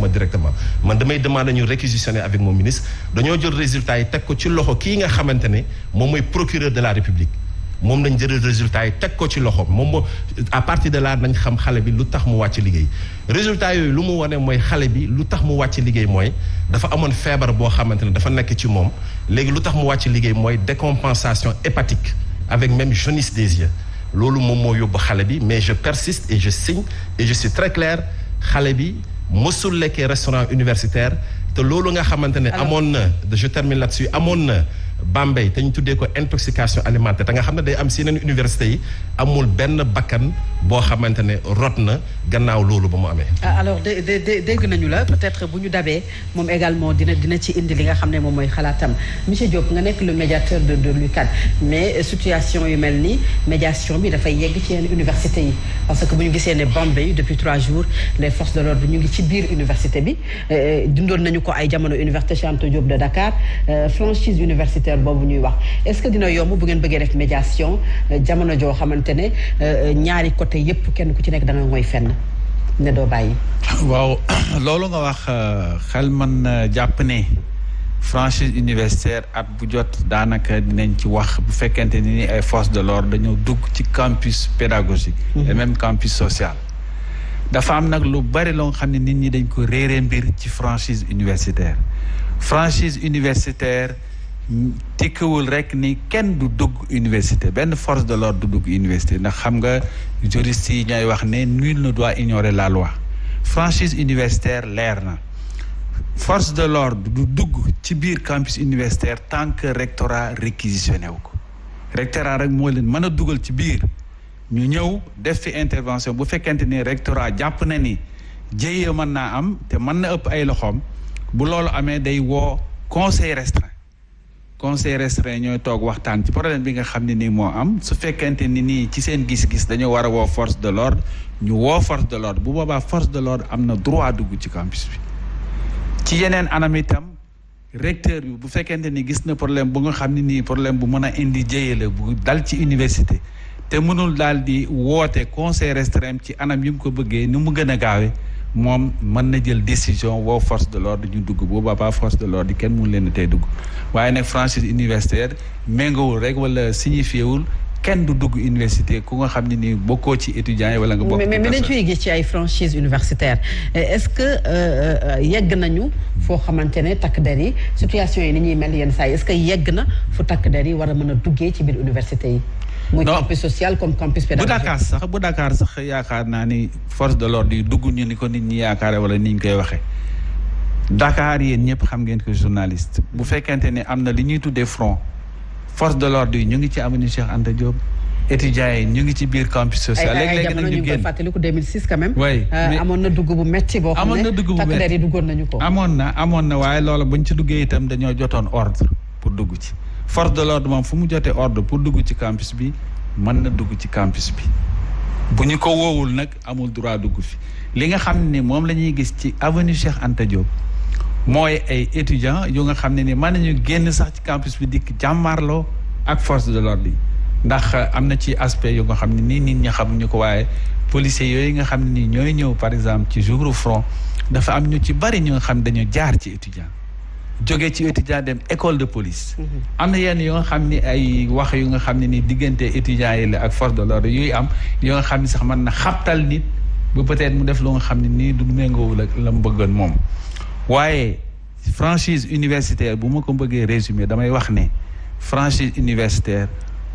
ma directement man damay demander ñu réquisitionner avec mon ministre dañoo jël résultat yi teg ko ci loxo kii nga xamante ne moom mooy procureur de la république moom lañ jël résultat yi teg ko ci loxo moom moo à partir de la nañ xam xale bi lu tax mu wàcc liggéey résultat yooyu lu mu wane mooy xale bi lu tax mu wàcc liggéey mooy dafa amoon feebar boo xamante ne dafa nekk ci moom léegi lu tax mu wàcc liggéey mooy décompensation hépatique avec même jaunisse des yeux loolu moom moo yóbbu xale bi mais je persiste et je signe et je xale bi mësul lekkee restaurant universitaire te loolu nga xamante ne amoon na je termine là-dessus amoon na Bambey te ñu tuddee ko intoxication alimentaire te nga xam ne day am si yeneen université yi amul benn bakkan boo xamante ne rot na gannaaw loolu ba mu amee. Ah, alors dé dé dégg nañu la peut-être bu ñu dabee moom également dina dina ci indi li nga xam ne moom mooy xalaatam monsieur Diop nga nekk le médiateur de de l'UCAD mais situation yu mel ni médiation bi dafay yegg ci yenn université yi parce que bu ñu gisee ne Bambey depuis trois jours les forces de l'ordre ñu ngi ci biir université bi euh, dundoon nañu ko ay jamono université Cheikh Anta Diop de euh, ministère boobu ñuy wax est-ce que dina yomb bu ngeen bëggee def médiation euh, jamono joo xamante ne euh, ñaari côté yépp kenn ku ci nekk da nga mooy fenn ne doo bàyyi. waaw loolu nga wax euh, xel man jàpp ne franchise universitaire at bu jot daanaka dinañ ci wax bu fekkente ni ay forces de l'ordre dañoo dugg ci campus pédagogique. Mm-hmm. et même campus social. dafa am nag lu bari loo xam ne nit ñi dañ ko réere mbir ci franchise universitaire franchise universitaire tekkiwul rek ni kenn du dugg université benn force de lord du dugg université ndax xam nga juristes yi ñooy wax ne nul ne doit ignorer la loi franchise universitaire leer na force de l'ordre du dugg ci biir campus universitaire tant que rectorat réquisitionné wu ko rectorat rek moo leen mën a dugal ci biir ñu ñëw def fi intervention bu fekkente ni rectorat jàpp na ni jéyee mën naa am te mën na ëpp ay loxoom bu loolu amee day woo conseil restreint conseil restreint ñooy toog waxtaan ci problème bi nga xam ne nii moo am su fekkente ni nii ci seen gis-gis dañoo war a woo force de l'ordre ñu woo force de l'ordre bu boobaa force de l'ordre am na droit dugg ci campus bi ci yeneen anam itam recteur bi bu fekkente ni gis na problème bu nga xam ne nii problème bu mën a indi jëye la bu dal ci université te mënul daal di woote conseil restreint ci anam yi mu ko bëggee ni mu gën a gaawee moom mën na jël décision boo force de l'ordre ñu dugg boobaa ba force de l'ordre kenn mun leen tey dugg waaye nag franchise universitaire méngawul rek wala signifié wul kenn du dugg université ku nga xam ne nii bokkoo ci étudiants yi wala nga bokk. mais mais dañ ciy gis ci ay franchise universitaire eh, est-ce que euh, euh, yegg nañu foo xamante ne takk der yi situation yi ni ñuy mel yenn saa yi est-ce que yegg na fu takk der yi war a mën a duggee ci biir université muy campus social comme campus bu Dakar sax bu Dakar sax yaakaar naa ni force de l'ordre yi dugg ñu ni ko nit ñi yaakaare wala ni ñu koy waxee. Dakar yéen ñëpp xam ngeen ko journaliste bu fekkente ne am na li ñuy tuddee front force de l'ordre yi ñu ngi ci avenue Cheikh Anta Diop. étudiants yi ñu ngi ci biir campus social. léeg-léeg nag ñu génn fàttaliku 2006 euh, amoon na dugg bu métti boo xam ne takk der duggoon nañu ko. amoon na amoon na waaye loola buñ ci duggee itam dañoo jotoon ordre pour dugg ci. force de l'ordre moom fu mu jotee ordre pour dugg ci campus bi mën na dugg ci campus bi bu ñu ko woowul nag amul droit dugg fi li nga xam ne moom la ñuy gis ci avenue Cheikh Anta mooy ay étudiants yu nga xam ne ni mën nañu génn sax ci campus bi dikk jàmmaarloo ak force de l'ordre yi ndax euh, am na ci aspect yu nga xam ne nii nit ñi xamuñu ko waaye policiers yooyu nga xam ne nii ñooy ñëw par exemple ci jour front dafa am ñu ci bari ñu nga xam dañu jaar ci étudiant jóge ci étudiant dem école de police. am na yenn yoo nga xam ni ay wax yu nga xam ne ni diggante étudiants yi la ak force de l'ordre yuy am yoo nga xam ni sax mën na xabtal nit ba peut-être mu def lu nga xam ne nii du méngoowul ak la mu bëggoon moom. waaye franchise universitaire bu ma ko bëggee résumer damay wax ne franchise universitaire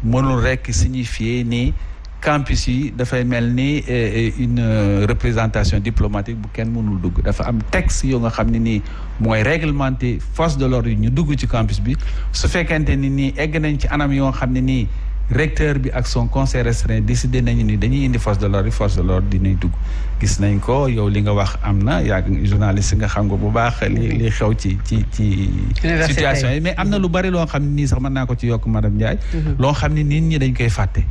mënul rekk signifier ni. campus yi dafay mel ni eh, une euh, représentation diplomatique bu kenn mënul dugg dafa am texte yoo nga xam ne nii mooy réglementer force de l'ordre ñu dugg ci campus bi su fekkente ni nii egg nañ ci anam yoo nga xam ne nii recteur bi ak son conseil restreint décidé nañu ni dañuy indi force de l'ordre force de l'ordre dinañ dugg gis nañ ko yow li nga wax am na yaa journaliste nga xam nga bu baax li li xew ci ci ci situation yi mais am na lu bari loo xam ne nii sax mën naa ko ci yokk madame Ndiaye mm-hmm. loo xam ne nit ñi dañ koy fàtte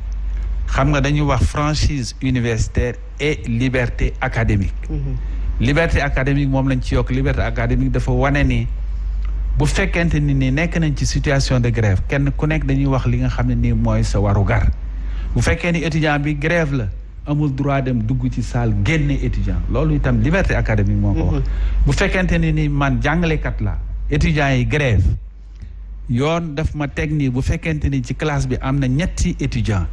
xam nga dañuy wax franchise universitaire et liberté académique mhm. liberté académique moom lañ ci yokk liberté académique dafa wane ni bu fekkente ni ni nekk nañ ci situation de grève kenn ku nekk dañuy wax li nga xam ne nii mooy sa warugar bu fekkee ni étudiant bi grève la amul droit dem dugg ci salle génne étudiant loolu itam liberté académique moo ko wax mhm. bu fekkente ni ni man jàngalekat la étudiant yi grève yoon daf ma teg nii bu fekkente ni ci classe bi am na ñetti étudiant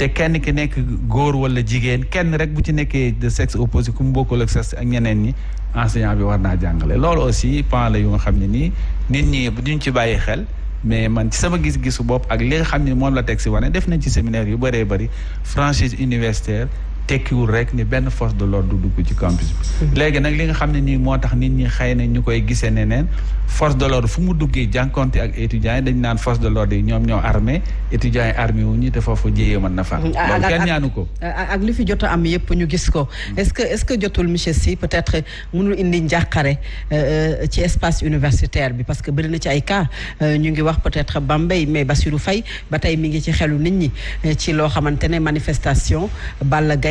te kenn ki nekk góor wala jigéen kenn rek bu ci nekkee de sexe opposé ku mu bokkul ak sexe ak ñeneen ñi enseignant bi war naa jàngale loolu aussi pan la yu nga xam ne nii nit ñi duñ ci bàyyi xel mais man ci sama gis-gisu bopp ak li nga xam ne moom la teg si wane def nañ ci séminaire yu bëree bari franchise universitaire tekkiwul rek ni benn force de l'ordre du dugg ci campus bi léegi nag li nga xam ne nii moo tax nit ñi xëy na ñu koy gisee ne neen force de l'ordre fu mu duggee jànkonte ak étudiants yi dañ naan force de l'ordre ñoom ñoo armé étudiants yi armé wu ñu te foofu jéyee mën na fa mm, loolu kenn ko ak li fi jot am yëpp ñu gis ko mm. est-ce que est-ce que jotul monsieur Sy peut-être mënul indi njàqare euh, euh, ci espace universitaire bi parce que bëri na ci ay cas euh, ñu ngi wax peut-être Bambey mais Bassirou Faye ba tey mi ngi ci xelu nit ñi ci loo xamante ne manifestation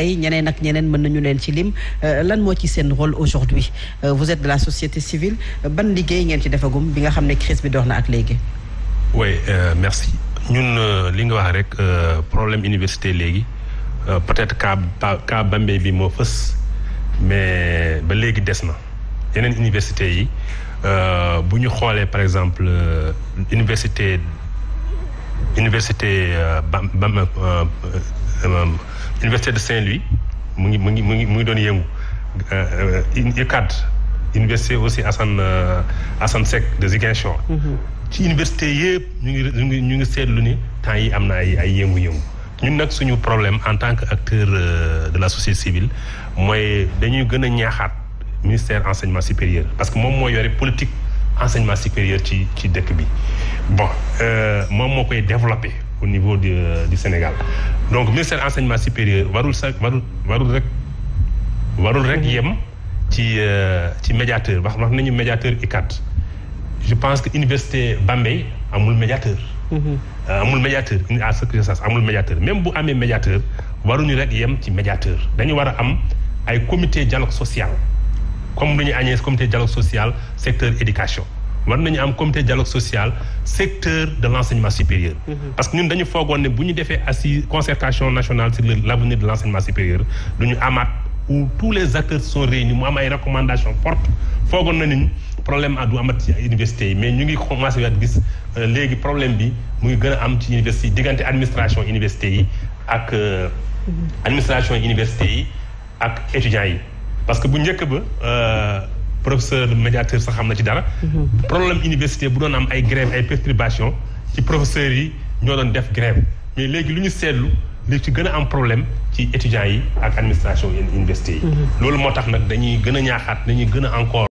Ndiaye ñeneen ak ñeneen mën nañu leen ci lim euh, lan moo ci seen rôle aujourd'hui euh, vous êtes de la société civile ban liggéey ngeen ci defagum bi nga xam ne crise bi dox na ak léegi oui euh, merci ñun li nga wax rek problème université léegi peut-être cas cas Bambey bi moo fës mais ba léegi des na yeneen université yi bu ñu xoolee par exemple université université Bambey Euh, université de Saint-Louis mu ngi mu ngi mu ngi mu doon yëngu UCAD euh, euh, université aussi Assane Assane Seck de Ziguinchor. Mhm. ci université yëpp ñu ngi ñu ñu ngi seetlu ni temps yi am na ay ay yëngu-yëngu ñun nag suñu problème en tant que acteur de la société civile mooy dañuy gën a ñaaxaat ministère enseignement supérieur parce que moom moo yore politique enseignement supérieur ci ci dëkk bi bon moom moo koy développé. au niveau euh, du Sénégal donc ministère enseignement supérieur warul sax warul warul rek warul rek yem ci euh, ci médiateur wax wax nañu médiateur ICAT je pense que université Bambey amul médiateur. Mhm. Euh, amul médiateur à ce amul médiateur même bu amee médiateur waruñu rek yem ci médiateur dañu war a am ay comité dialogue social comme lu ñu añee comité dialogue social secteur éducation. war nañu am comité dialogue social secteur de l' enseignement supérieur. Mm-hmm. parce que ñun dañu foogoon ne bu ñu defee assise concertation nationale sur l' avenir de l' enseignement supérieur du ñu amaat où tous les acteurs sont réunis mu am ay recommandation fortes foogoon nañu problème a du amat université yi mais ñu ngi commencé waat gis euh, léegi problème bi mu ngi gën a am ci université yi diggante administration université yi ak. Euh, mm-hmm. administration université yi ak étudiants yi parce que bu njëkk ba. Euh, professeur médiateur sax xam na ci dara. Mhm. problème université bu doon am ay grève ay perturbation ci professeurs yi ñoo doon def grève mais léegi lu ñu seetlu li ci gën a am problème ci étudiants yi ak administration yenn université yi. Mhm. loolu moo tax nag dañuy gën a ñaaxaat dañuy gën a encore.